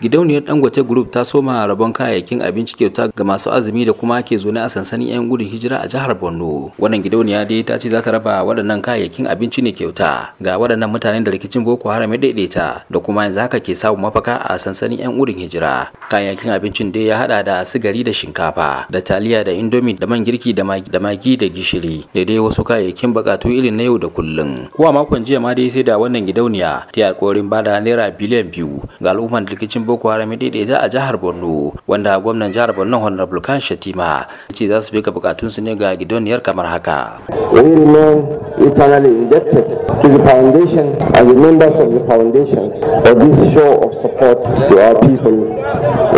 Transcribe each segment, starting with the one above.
gidauniyar dangote group ta soma rabon kayayyakin abinci kyauta ga masu azumi da kuma ke zaune a sansanin yan gudun hijira a jihar borno wannan gidauniya dai ta ce za ta raba waɗannan kayayyakin abinci ne kyauta ga waɗannan mutanen da rikicin boko haram ya daidaita da kuma yanzu haka ke samun mafaka a sansanin yan gudun hijira kayayyakin abincin dai ya hada da sigari da shinkafa da taliya da indomi da man girki da magi da gishiri da dai wasu kayayyakin bukatu irin na yau da kullum kuwa makon jiya ma dai sai da wannan gidauniya ta yi alkawarin bada naira biliyan biyu ga al'umman rikicin boko haram daidaita a jihar borno wanda gwamnan jihar borno honorable kan shatima yace za su bika su ne ga gidoniyar kamar haka we remain eternally indebted to the foundation and the members of the foundation for this show of support to our people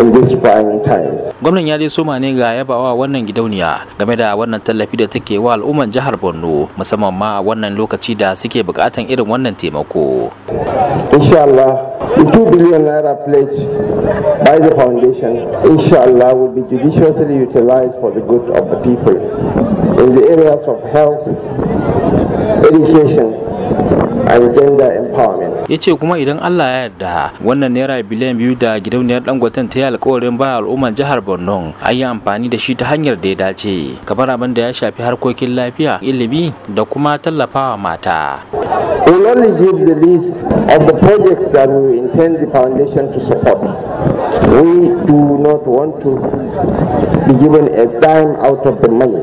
in these trying times gwamnan ya dai soma ne ga yabawa wannan gidauniya game da wannan tallafi da take wa al'umman jihar borno musamman ma a wannan lokaci da suke bukatan irin wannan taimako insha Allah The 2 billion naira pledged by the foundation, inshallah, will be judiciously utilized for the good of the people in the areas of health, education, Ya ce kuma idan Allah ya yarda wannan naira biliyan biyu da gidauniyar Dangoten ta yi alkawarin ba al'umman jihar Borno an yi amfani da shi ta hanyar da ya dace kamar abin da ya shafi harkokin lafiya, ilimi da kuma tallafawa mata. We will only give the list of the projects that we intend the foundation to support. We do not want to be given a dime out of the money.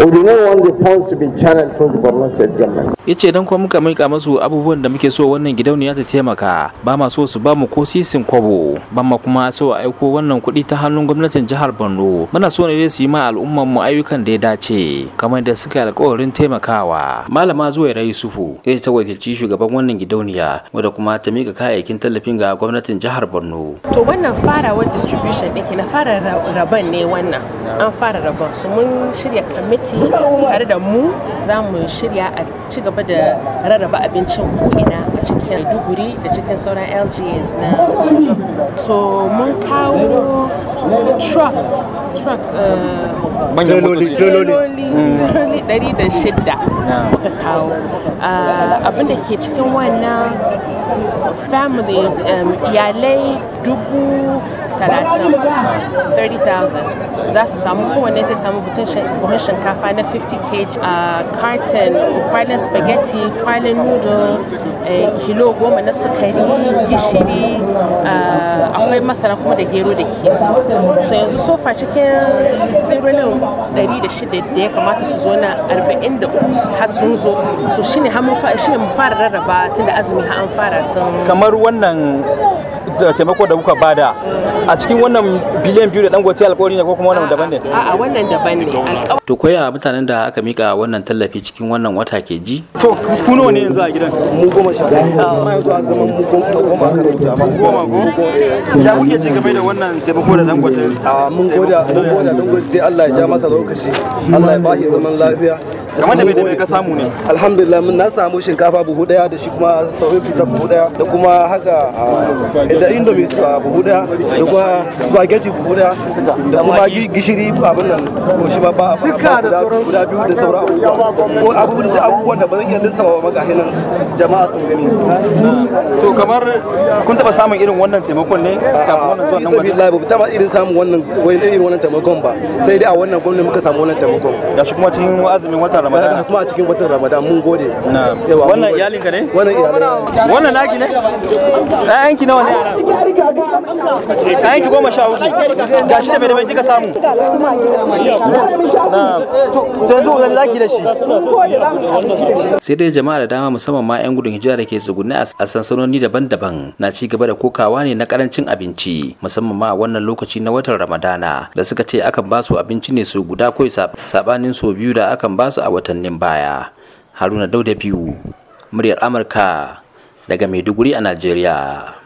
We do not want the funds to be channeled through the government government. ya ce don kuma muka mika masu abubuwan da muke so wannan gidauniya ta taimaka ba ma so su ba mu ko sisin kwabo ba ma kuma so a aiko wannan kuɗi ta hannun gwamnatin jihar borno muna so ne su yi ma al'umman mu ayyukan da ya dace kamar da suka alƙawarin taimakawa malama zuwa yusufu ita ta wakilci shugaban wannan gidauniya wadda kuma ta mika kayayyakin tallafin ga gwamnatin jihar borno to wannan farawar distribution ɗin na fara raban ne wannan an fara raban su mun shirya kamiti tare da mu za mu shirya a ci gaba gaba da rarraba abincin ko'ina a cikin duguri da cikin sauran LGAs na so mun kawo trucks trucks eh, manyan loli ɗari da shidda muka kawo eh, abin da ke cikin wannan families iyalai dubu talatin 30,000 za su samu kowanne zai samu buhun shinkafa na 50 kg a carton kwanan spaghetti kwanan noodle eh, kilo goma na sukari gishiri akwai masara kuma da gero da ke so yanzu sofa cikin tsibirin 106 da ya kamata su zo na 43 har sun zo so shine mu fara rarraba tun da azumi har an fara tun kamar wannan taimako da kuka bada a cikin wannan biliyan biyu da dangote alkawari ne ko kuma wannan daban ne A wannan daban ne to koya mutanen da aka mika wannan tallafi cikin wannan wata ke ji to ku nawa ne yanzu a gidan mu goma sha ah. amma yanzu a zaman mu goma goma goma goma ya kuke ci gaba da wannan taimako da dangote a ah, mun goda mun goda dangote Allah ya ja masa lokaci Allah ya ba shi zaman lafiya kamar da bai ka samu ne alhamdulillah mun na samu shinkafa buhu daya da shi kuma sauyin fita buhu daya da kuma haka ah, da indomie buhu daya da kuma spaghetti buhu daya da kuma gishiri abin nan ko shi ba ba guda biyu da sauran abubuwa abubuwan da abubuwan da ba zan iya lissafa maka hinan jama'a sun gani to kamar kun taba samun irin wannan taimakon ne kafin wannan zuwa nan wajen ba taba irin samun wannan irin wannan taimakon ba sai dai a wannan gwamnati muka samu wannan taimakon gashi kuma cikin azumin watan ramadan kuma a cikin watan ramadan mun gode wannan iyalin ka ne wannan iyalin wannan naki ne ɗayan ki nawa ne ɗayan ki goma sha uku da shi da mai mai kika samu na to yanzu wani zaki da shi sai dai jama'a da dama musamman ma 'yan gudun hijira da ke tsugunne a sansanoni daban-daban na ci gaba da kokawa ne na karancin abinci musamman ma wannan lokaci na watan ramadana da suka ce akan ba su abinci ne su guda kawai sabanin so biyu da akan ba su a watannin baya haruna dauda biyu muryar amurka daga maiduguri a najeriya